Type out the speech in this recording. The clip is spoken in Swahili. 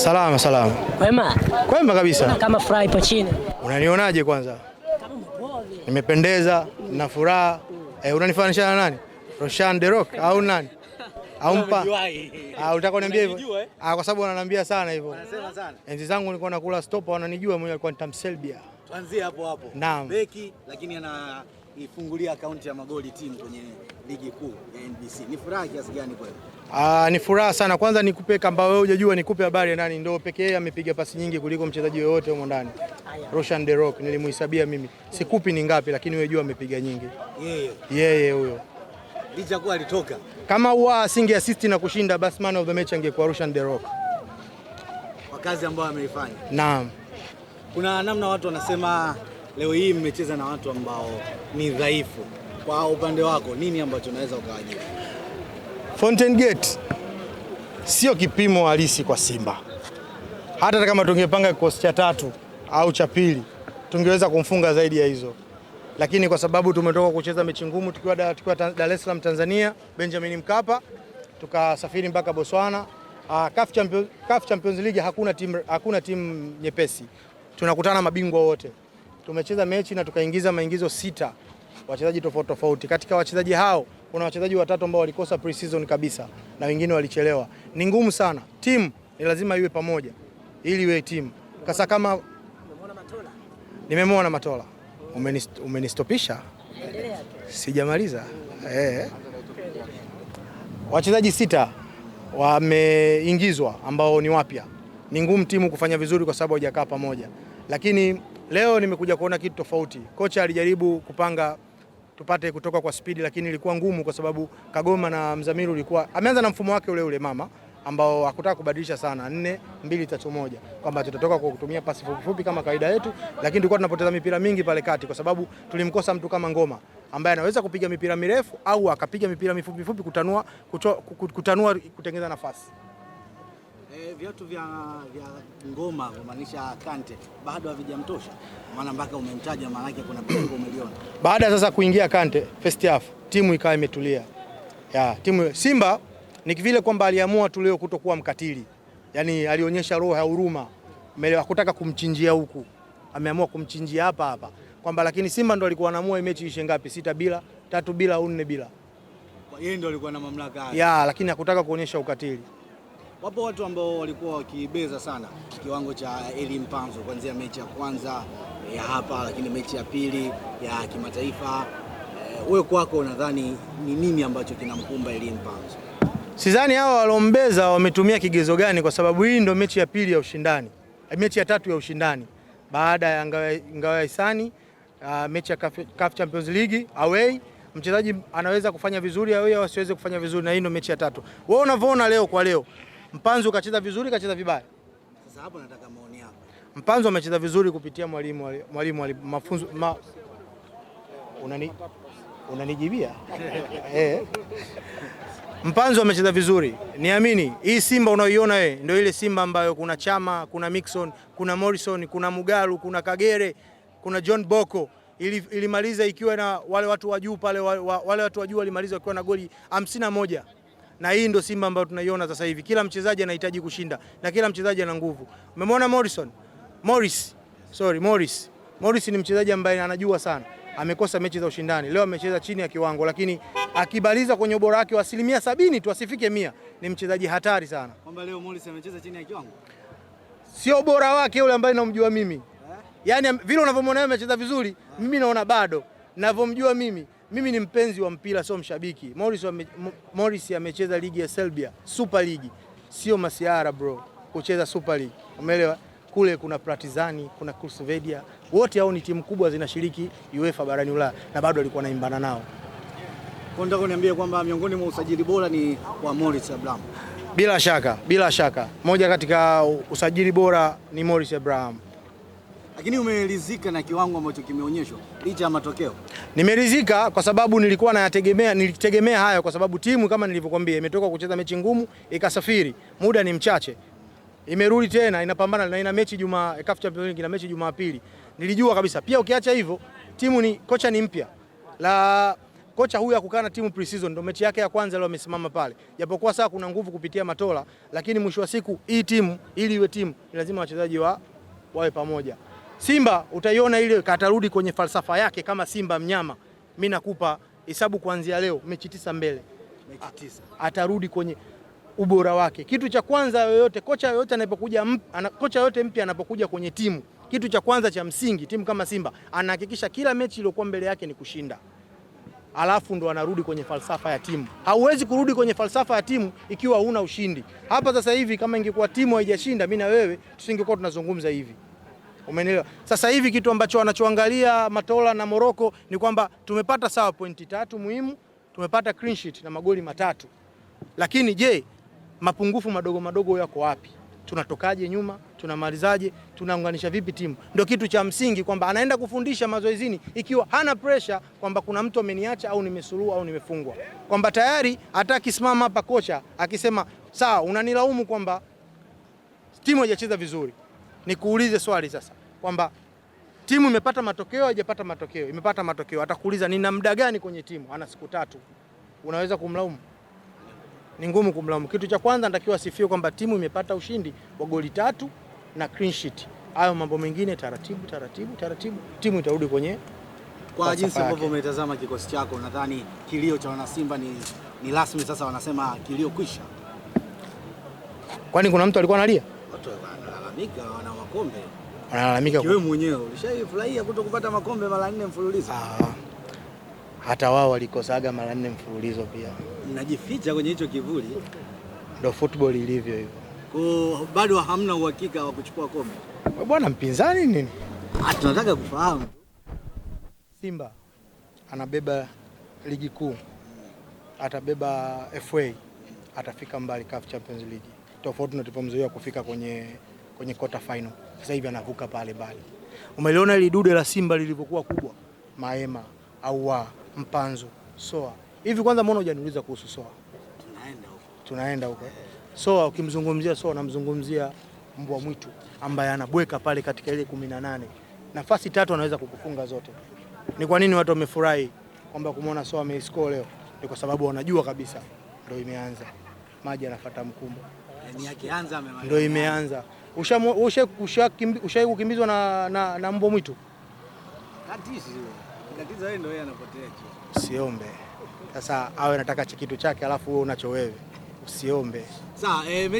Salama salama. Kwema? Kwema kabisa. Una Kama furaha ipo chini. Unanionaje kwanza? Nimependeza na furaha. Eh, unanifananisha na nani? Roshan De Rock au nani? Au mpa? Ah, unataka kuniambia hivyo? Eh? Ah, kwa sababu wananiambia sana hivyo. Wanasema sana. Enzi zangu nilikuwa nakula stopa wananijua mwenyewe alikuwa nitamselbia. Tuanzie hapo hapo. Naam. Beki lakini ana kuifungulia akaunti ya magoli timu kwenye ligi kuu ya NBC. Ni furaha kiasi gani kwa Ah, ni furaha sana. Kwanza nikupe kamba wewe hujajua nikupe habari nani ndio pekee yeye amepiga pasi nyingi kuliko mchezaji yoyote huko ndani. Roshan De Rock nilimuhesabia mimi. Sikupi ni ngapi lakini wewe jua amepiga nyingi. Yeye. Yeye huyo. Licha kuwa alitoka. Kama huwa asinge assist na kushinda basi man of the match angekuwa Roshan De Rock. Kwa kazi ambayo ameifanya. Naam. Kuna namna watu wanasema leo hii mmecheza na watu ambao ni dhaifu. Kwa upande wako nini ambacho unaweza ukawajibu? Fountain Gate sio kipimo halisi kwa Simba. Hata kama tungepanga kikosi cha tatu au cha pili tungeweza kumfunga zaidi ya hizo, lakini kwa sababu tumetoka kucheza mechi ngumu tukiwa Dar es Salaam Tanzania, Benjamin Mkapa, tukasafiri mpaka Botswana. Uh, CAF Champions, CAF Champions League hakuna timu, hakuna timu nyepesi, tunakutana mabingwa wote tumecheza mechi na tukaingiza maingizo sita wachezaji tofauti tofauti. Katika wachezaji hao kuna wachezaji watatu ambao walikosa pre-season kabisa na wengine walichelewa. Ni ngumu sana, timu ni lazima iwe pamoja ili iwe timu kasa. Kama nimemwona Matola, umenistopisha, sijamaliza eh. Wachezaji sita wameingizwa ambao ni wapya. Ni ngumu timu kufanya vizuri kwa sababu hawajakaa pamoja, lakini Leo nimekuja kuona kitu tofauti. Kocha alijaribu kupanga tupate kutoka kwa spidi, lakini ilikuwa ngumu kwa sababu Kagoma na Mzamiru ulikuwa ameanza na mfumo wake ule ule mama ambao hakutaka kubadilisha sana, nne mbili tatu moja, kwamba tutatoka kwa kutumia pasi fupifupi kama kawaida yetu, lakini tulikuwa tunapoteza mipira mingi pale kati, kwa sababu tulimkosa mtu kama Ngoma ambaye anaweza kupiga mipira mirefu au akapiga mipira mifupifupi kutanua, kucho, kutanua kutengeneza nafasi. Eh, viatu vya vya ngoma kumaanisha Kante bado havijamtosha, maana mpaka umemtaja, maana yake kuna pengo umeliona. Baada sasa kuingia Kante first half, timu ikawa imetulia ya timu Simba ni vile kwamba aliamua tu leo kutokuwa mkatili, yaani alionyesha roho ya huruma, umeelewa, kutaka kumchinjia huku, ameamua kumchinjia hapa hapa kwamba, lakini Simba ndo alikuwa anaamua mechi ishe ngapi, sita bila tatu bila au nne bila, yeye ndo alikuwa na mamlaka ya, lakini hakutaka kuonyesha ukatili. Wapo watu ambao walikuwa wakibeza sana kiwango cha Eli Mpanzo kuanzia mechi ya kwanza ya eh, hapa, lakini mechi ya pili ya kimataifa. Eh, wewe kwako unadhani ni nini ambacho kinamkumba Eli Mpanzo? Sidhani hao walombeza wametumia kigezo gani, kwa sababu hii ndio mechi ya pili ya ushindani, eh, mechi ya tatu ya ushindani baada ya ngao ya hisani uh, ah, mechi ya CAF Champions League away mchezaji anaweza kufanya vizuri au asiweze kufanya vizuri, na hii ndio mechi ya tatu. Wewe unavyoona leo kwa leo Mpanzu kacheza vizuri, kacheza vibaya? Sasa hapo nataka maoni yako. Mpanzu amecheza vizuri kupitia mwalimu mwalimu mafunzo ma... unani unanijibia eh. Mpanzu amecheza vizuri, niamini. Hii Simba unaoiona wewe ndio ile Simba ambayo kuna Chama, kuna Mixon, kuna Morrison, kuna Mugalu, kuna Kagere, kuna John Boko ilimaliza ikiwa na wale watu wa juu pale, wale watu wa juu walimaliza wakiwa na goli hamsini na moja na hii ndio Simba ambayo tunaiona sasa hivi. Kila mchezaji anahitaji kushinda na kila mchezaji ana nguvu. Umemwona Morrison? Morris. Sorry, Morris. Morris ni mchezaji ambaye anajua sana. Amekosa mechi za ushindani. Leo amecheza chini ya kiwango lakini akibaliza kwenye ubora wake wa asilimia sabini tu asifike mia, ni mchezaji hatari sana. Kwamba leo Morris amecheza chini ya kiwango? Sio ubora wake ule ambaye namjua mimi. Eh? Yaani vile unavyomwona yeye amecheza vizuri, mimi naona bado. Navyomjua mimi. Mimi ni mpenzi wa mpira, sio mshabiki. Morris, wame, Morris amecheza ligi ya Serbia, Super League, sio masiara bro kucheza Super League, umeelewa? Kule kuna Partizani, kuna Kursvedia, wote hao ni timu kubwa zinashiriki UEFA barani Ulaya, na bado alikuwa anaimbana nao. Nataka niambie kwamba miongoni mwa usajili bora ni wa Morris Abraham. Bila shaka, bila shaka, moja katika usajili bora ni Morris Abraham. Lakini umeridhika na kiwango ambacho kimeonyeshwa licha ya matokeo? Nimeridhika kwa sababu nilikuwa nayategemea, nilitegemea hayo kwa sababu timu kama nilivyokuambia imetoka kucheza mechi ngumu, ikasafiri, muda ni mchache, imerudi tena inapambana na ina mechi Juma CAF Champions League na mechi Jumapili. Nilijua kabisa pia, ukiacha hivyo timu ni kocha ni mpya la kocha huyu akukaa na timu pre-season, ndio mechi yake ya kwanza leo amesimama pale, japokuwa saa kuna nguvu kupitia Matola, lakini mwisho wa siku hii timu ili iwe timu lazima wachezaji wa wawe pamoja. Simba utaiona ile katarudi kwenye falsafa yake kama Simba mnyama. Mimi nakupa hesabu kuanzia leo mechi tisa mbele. Mechi tisa. Atarudi kwenye ubora wake. Kitu cha kwanza yoyote, kocha yoyote anapokuja, kocha yoyote mpya anapokuja kwenye timu, kitu cha kwanza cha msingi, timu kama Simba anahakikisha kila mechi iliyokuwa mbele yake ni kushinda, alafu ndo anarudi kwenye falsafa ya timu. Hauwezi kurudi kwenye falsafa ya timu ikiwa huna ushindi. Hapa sasa hivi kama ingekuwa timu haijashinda, mimi na wewe tusingekuwa tunazungumza hivi. Umeelewa? Sasa hivi kitu ambacho wanachoangalia Matola na Moroko ni kwamba tumepata sawa pointi tatu muhimu, tumepata clean sheet na magoli matatu, lakini je, mapungufu madogo madogo yako wapi? Tunatokaje nyuma? Tunamalizaje? Tunaunganisha vipi timu? Ndio kitu cha msingi, kwamba anaenda kufundisha mazoezini ikiwa hana pressure kwamba kuna mtu ameniacha au nimesuluhu au nimefungwa, kwamba tayari hata akisimama hapa kocha akisema sawa, unanilaumu kwamba timu haijacheza vizuri Nikuulize swali sasa kwamba timu imepata matokeo haijapata matokeo? Imepata matokeo. Atakuuliza nina muda gani kwenye timu? Ana siku tatu. Unaweza kumlaumu? Ni ngumu kumlaumu. Kitu cha kwanza natakiwa sifio kwamba timu imepata ushindi wa goli tatu na clean sheet. Hayo mambo mengine taratibu taratibu taratibu, timu itarudi kwenye kwa jinsi ambavyo umetazama kikosi chako, nadhani kilio cha wanasimba ni, ni rasmi sasa, wanasema kilio kwisha. Kwani kuna mtu alikuwa analia? Watu wanalalamika wana makombe, wanalalamika wewe mwenyewe ulishafurahia kuto kupata makombe mara nne mfululizo. Ah, hata wao walikosaga mara nne mfululizo pia. Mnajificha kwenye hicho kivuli, ndio football ilivyo hivyo. Kwa bado hamna uhakika wa kuchukua kombe bwana. Mpinzani nini? Ah, Tunataka kufahamu. Simba anabeba ligi kuu, atabeba FA, atafika mbali CAF Champions League, tofauti na tulipomzuia kufika kwenye kwenye quarter final. Sasa hivi anavuka pale pale. Umeliona ile dude la Simba lilivyokuwa kubwa, Maema au Mpanzo Soa. Hivi kwanza, mbona hujaniuliza kuhusu Soa? Tunaenda huko, tunaenda huko. Soa ukimzungumzia Soa namzungumzia mbwa mwitu ambaye anabweka pale katika ile kumi na nane nafasi tatu anaweza kukufunga zote. Ni kwa nini watu wamefurahi kwamba kumuona Soa ameiscore leo? Ni kwa sababu wanajua kabisa ndio imeanza, maji anafuata mkumbo, yaani ndio imeanza ushaikukimbizwa usha na, na, na mbwa mwitu? Usiombe sasa, awe nataka chikitu chake, alafu wewe unacho wewe, usiombe. Eh,